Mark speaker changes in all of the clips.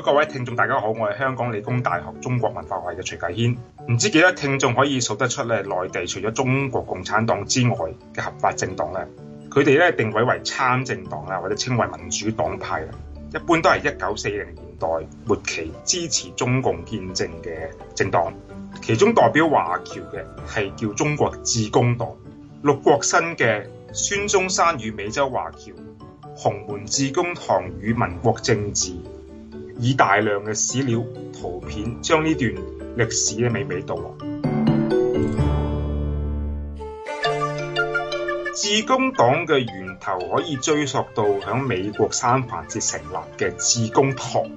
Speaker 1: 各位聽眾，大家好，我係香港理工大學中國文化學系嘅徐啟軒。唔知幾多聽眾可以數得出咧？內地除咗中國共產黨之外嘅合法政黨咧，佢哋咧定位為參政黨啦，或者稱為民主黨派啦，一般都係一九四零年代末期支持中共建政嘅政黨。其中代表華僑嘅係叫中國致公黨。陸國燊嘅《孫中山與美洲華僑》、《洪門致公堂與民國政治》。以大量嘅史料圖片，將呢段歷史嘅娓娓道來。致公黨嘅源頭可以追溯到響美國三藩市成立嘅致公堂，呢、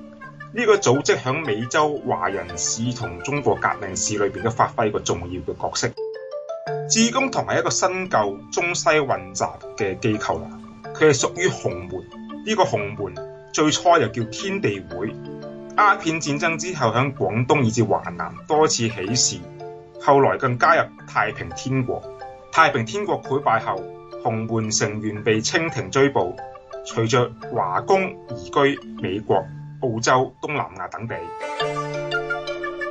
Speaker 1: 這個組織響美洲華人史同中國革命史裏邊都發揮一個重要嘅角色。致公堂係一個新舊中西混雜嘅機構啦，佢係屬於洪門，呢、這個洪門。最初又叫天地會，鴉片戰爭之後喺廣東以至華南多次起事，後來更加入太平天國。太平天國潰敗後，洪門成員被清廷追捕，隨着華工移居美國、澳洲、東南亞等地。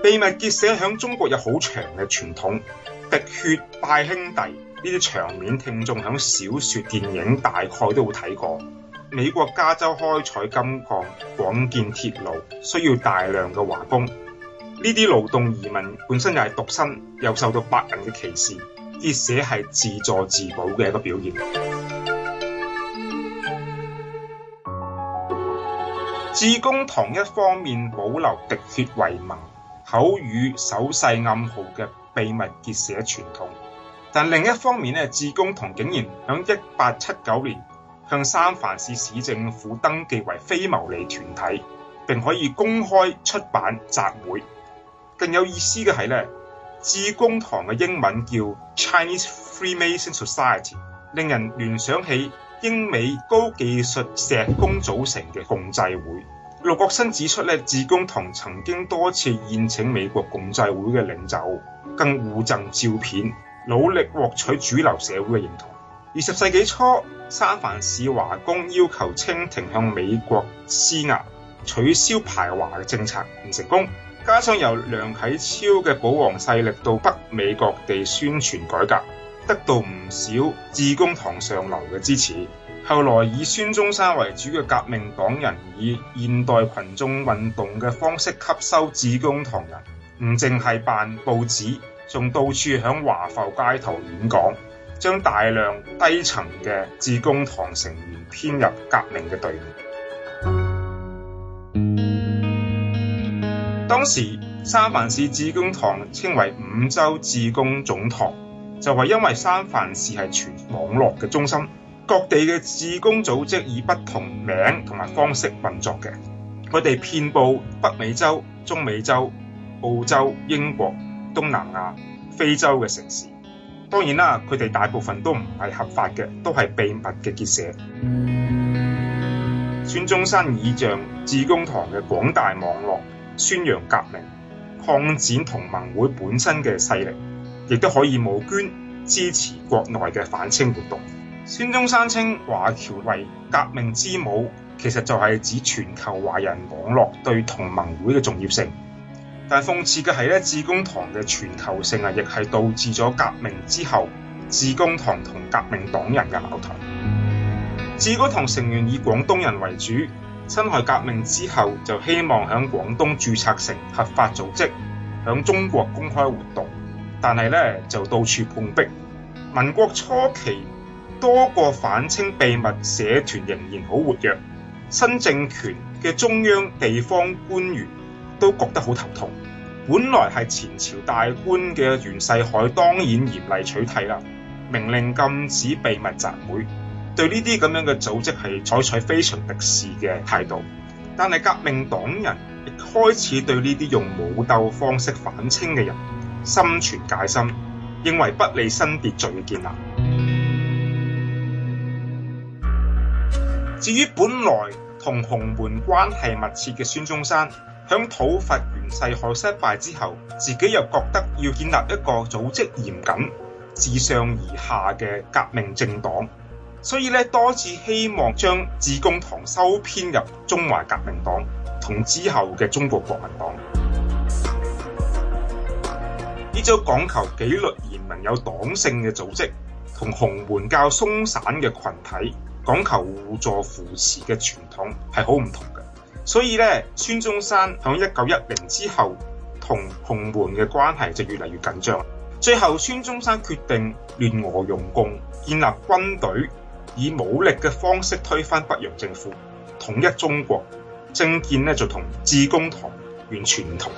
Speaker 1: 秘密結社喺中國有好長嘅傳統，滴血拜兄弟呢啲場面，聽眾喺小說、電影大概都會睇過。美國加州開採金礦、廣建鐵路需要大量嘅華工，呢啲勞動移民本身就係獨身，又受到白人嘅歧視，結社係自助自保嘅一個表現。致 公堂一方面保留滴血為盟、口語、手勢暗號嘅秘密結社傳統，但另一方面咧，致公堂竟然響一八七九年，向三藩市市政府登記為非牟利團體，並可以公開出版集會。更有意思嘅係咧，致公堂嘅英文叫 Chinese Freemasons Society，令人聯想起英美高技術石工組成嘅共濟會。陸國燊指出咧，致公堂曾經多次宴請美國共濟會嘅領袖，更互贈照片，努力獲取主流社會嘅認同。二十世紀初，三藩市華工要求清廷向美國施壓，取消排華嘅政策，唔成功。加上由梁啟超嘅保皇勢力到北美各地宣傳改革，得到唔少致公堂上流嘅支持。後來以孫中山為主嘅革命黨人，以現代群眾運動嘅方式吸收致公堂人，唔淨係辦報紙，仲到處響華埠街頭演講。將大量低層嘅致公堂成員編入革命嘅隊伍。當時三藩市致公堂稱為五洲致公總堂，就係因為三藩市係全網絡嘅中心，各地嘅致公組織以不同名同埋方式運作嘅。佢哋遍佈北美洲、中美洲、澳洲、英國、東南亞、非洲嘅城市。當然啦，佢哋大部分都唔係合法嘅，都係秘密嘅結社。孫中山以像致公堂嘅廣大網絡，宣揚革命，擴展同盟會本身嘅勢力，亦都可以募捐支持國內嘅反清活動。孫中山稱華僑為革命之母，其實就係指全球華人網絡對同盟會嘅重要性。但係諷刺嘅係咧，致公堂嘅全球性啊，亦係導致咗革命之後致公堂同革命黨人嘅矛盾。致公堂成員以廣東人為主，辛亥革命之後，就希望響廣東註冊成合法組織，響中國公開活動，但係咧就到處碰壁。民國初期，多個反清秘密社團仍然好活躍，新政權嘅中央地方官員。都覺得好頭痛。本來係前朝大官嘅袁世凱，當然嚴厲取締啦，命令禁止秘密集會，對呢啲咁樣嘅組織係採取非常敵視嘅態度。但係革命黨人亦開始對呢啲用武鬥方式反清嘅人心存戒心，認為不利新秩序嘅建立。至於本來同洪門關係密切嘅孫中山。響討伐袁世凱失敗之後，自己又覺得要建立一個組織嚴謹、自上而下嘅革命政黨，所以咧多次希望將致公堂收編入中華革命黨同之後嘅中國國民黨。呢種講求紀律嚴明、有黨性嘅組織，同洪門教鬆散嘅群體、講求互助扶持嘅傳統係好唔同嘅。所以呢，孫中山響一九一零之後，同洪門嘅關係就越嚟越緊張。最後，孫中山決定聯俄用共，建立軍隊，以武力嘅方式推翻北洋政府，統一中國。政見呢，就同致公堂完全唔同。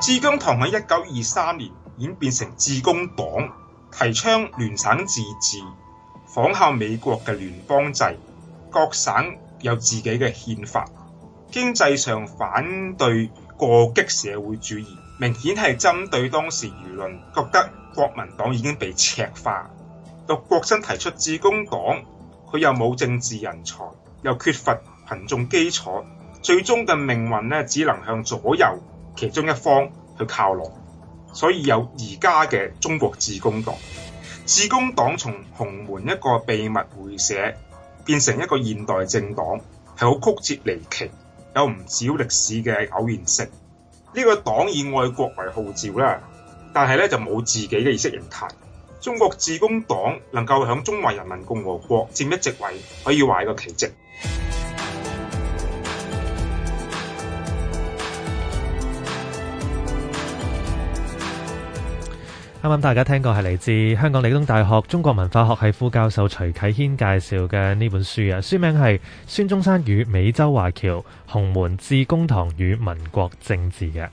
Speaker 1: 致公堂喺一九二三年演變成致公黨，提倡聯省自治。仿效美國嘅聯邦制，各省有自己嘅憲法；經濟上反對過激社會主義，明顯係針對當時輿論，覺得國民黨已經被赤化。陸國燊提出致公黨，佢又冇政治人才，又缺乏群眾基礎，最終嘅命運呢，只能向左右其中一方去靠攏，所以有而家嘅中國致公黨。致公黨從洪門一個秘密會社變成一個現代政黨，係好曲折離奇，有唔少歷史嘅偶然性。呢、這個黨以愛國為號召啦，但係咧就冇自己嘅意識形態。中國致公黨能夠響中華人民共和國佔一席位，可以話係個奇蹟。啱啱，大家聽過係嚟自香港理工大學中國文化學系副教授徐啟軒介紹嘅呢本書啊，書名係《孫中山與美洲華僑：洪門致公堂與民國政治》嘅。